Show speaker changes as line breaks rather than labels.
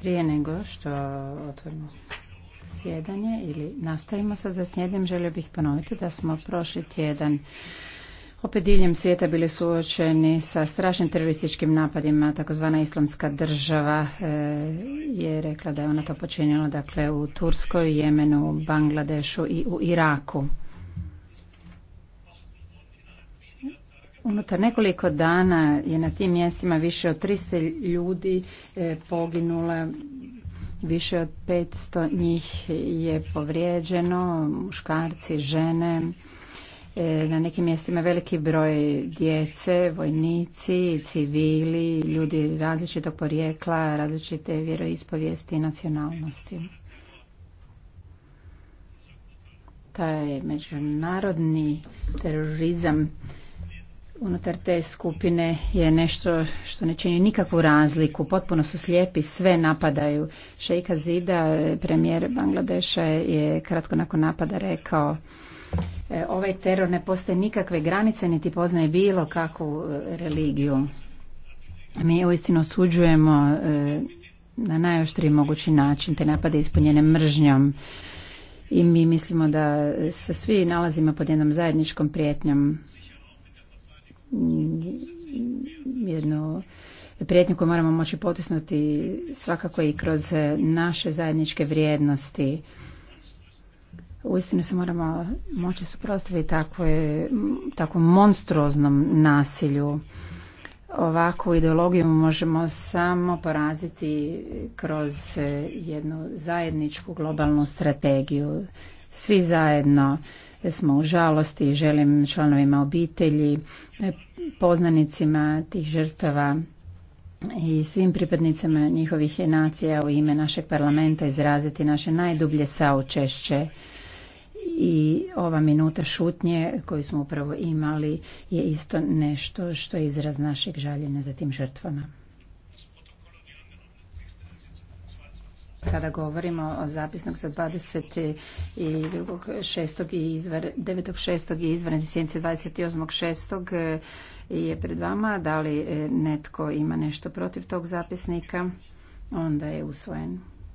Prije nego što otvorimo sjedanje ili nastavimo sa zasnjedanjem, želio bih ponoviti da smo prošli tjedan opet diljem svijeta bili suočeni sa strašnim terorističkim napadima. Takozvana islamska država e, je rekla da je ona to počinjela dakle, u Turskoj, Jemenu, Bangladešu i u Iraku. Unutar nekoliko dana je na tim mjestima više od 300 ljudi e, poginula, više od 500 njih je povrijeđeno, muškarci, žene. E, na nekim mjestima veliki broj djece, vojnici, civili, ljudi različitog porijekla, različite vjeroispovijesti i nacionalnosti. Taj međunarodni terorizam unutar te skupine je nešto što ne čini nikakvu razliku. Potpuno su slijepi, sve napadaju. Šejka Zida, premijer Bangladeša, je kratko nakon napada rekao e, ovaj teror ne postoje nikakve granice niti poznaje bilo kakvu e, religiju. Mi uistinu osuđujemo e, na najoštriji mogući način te napade ispunjene mržnjom i mi mislimo da se svi nalazimo pod jednom zajedničkom prijetnjom jednu prijetnju koju moramo moći potisnuti svakako i kroz e, naše zajedničke vrijednosti. Uistinu se moramo moći suprotstaviti takvom monstruoznom nasilju. Ovakvu ideologiju možemo samo poraziti kroz e, jednu zajedničku globalnu strategiju. Svi zajedno smo u žalosti i želim članovima obitelji, e, poznanicima tih žrtava i svim pripadnicama njihovih nacija u ime našeg parlamenta izraziti naše najdublje saučešće i ova minuta šutnje koju smo upravo imali je isto nešto što je izraz našeg žaljenja za tim žrtvama. kada govorimo o zapisnog sa 22.6. i devetšest 9.6. i izvanredne sjednice 28.6. Eh, je pred vama. Da li eh, netko ima nešto protiv tog zapisnika? Onda je usvojen.